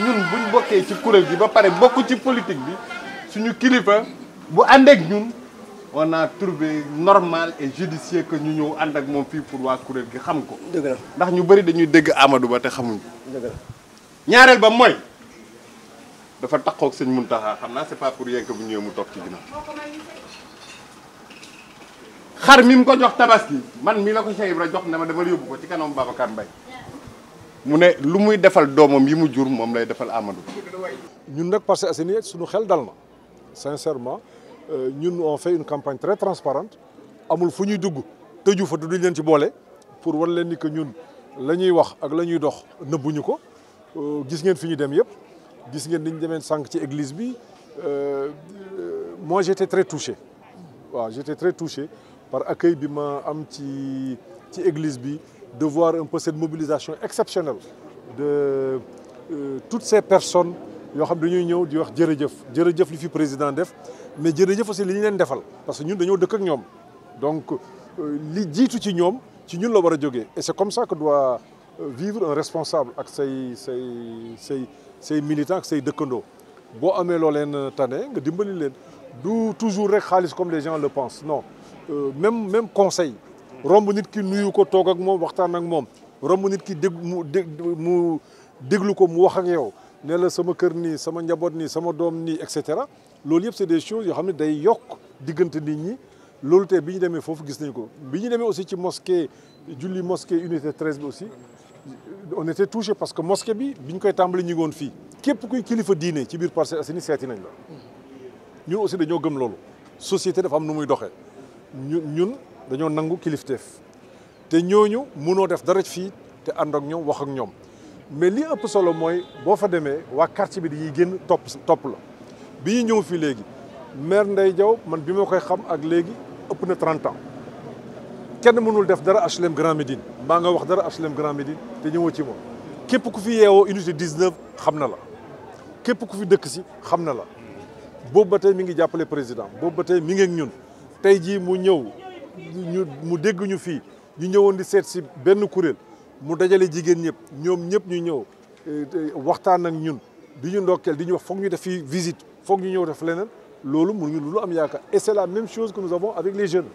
ñun buñ bokkee ci kuréel gi ba pare bokk ci politique bi suñu kilifa bu ànd ñun on a trouvé normal et judicieux que ñu ñëw ànd ak moom fii pour waa kuréel gi xam ko. dëgg la ndax ñu bari dañuy dégg Amadou Ba té xamuñ ko. la ñaareel ba moy dafa taxaw ak sëñ Mountakha xam c'est pas pour rien que bu ñëwee mu toog ci dina xar mi ko jox tabaski man mi la ko Cheikh Ibra jox ne ma dama yobbu ko ci kanam Babacar mbay mu ne lu muy defal doomam yi mu jur mom lay defal Amadou. ñun nag Parcelles Assainies suñu xel dal na sincèrement. Euh, ñun on fait une campagne très transparente amul fuñuy ñuy dugg tëju fa duñ leen ci bolé pour war leen ni que ñun lañuy wax ak lañuy dox nëbbuñu ko euh, gis ngeen fi ñu dem yëpp gis ngeen ni ñu demee ci église bi euh, moi j'étais très touché wa j'étais très touché par accueil bi ma am ci ci église bi de voir un peu cette mobilisation exceptionnelle de toutes ces personnes yoo xam dañuy ñëw di wax jërëjëf jërëjëf li fi président def mais jërëjëf aussi li ñu leen defal parce que ñun dañoo dëkk ak donc euh, li jiitu ci ñoom ci ñun la war a et c'est comme ça que doit euh, vivre un responsable ak say say say say militants ak say dëkkandoo Bo amee loo leen euh, tane nga dimbali leen du toujours rek comme les gens le pensent non même même conseil romb nit ki nuyu ko tok ak mom waxtan ak mom romb nit ki dég mu dég ko mu wax ak yow ne la sama que ni sama njaboot ni sama doom ni et cetera loolu c'est des choses yoo xam ne day yokk diggante nit ñi loolu faut bi ñu demee gis nañ ko bi ñu aussi ci mosquée julli mosquée unité 13 bi aussi on était touché parce que mosquée bi bi ñu koy tàmbali ñu ngi woon fii képp kuy kilifa diine ci biir Parcelles Assainies ni nañ la ñun aussi dañoo gëm lolo. société dafa am nu muy doxee ñun ñun nangu kilifteef te ñooñu mënoo def dara fii te ànd ak ñoom wax ak ñoom mais li ëpp solo mooy boo fa demee waa quartier bi dañuy génn topp si topp la bi ñuy ñëw fii léegi maire Ndeye jaw man bi ma koy xam ak léegi ëpp na 30 kenn mënul def dara HLM Grand Médine mbaa nga wax dara HLM Grand Médine te ñëw ci moom képp ku fi yeewoo unité 19 xam na la képp ku fi dëkk si xam na la boobu ba tey mi ngi jàppale président boobu ba tey mi ngi ñun tey jii mu ñëw ñu mu dégg ñu fii ñu ñëwoon di seet si benn kuréel. mu dajale jigéen ñëpp ñoom ñëpp ñu ñëw eh, waxtaan ak ñun di ñu ndokkeel di ñu wax foog ñu def fii visite foog ñu ñëw def leneen loolu mënuñu lu am yaakaar et c'est la même chose que nous avons avec les jeunes.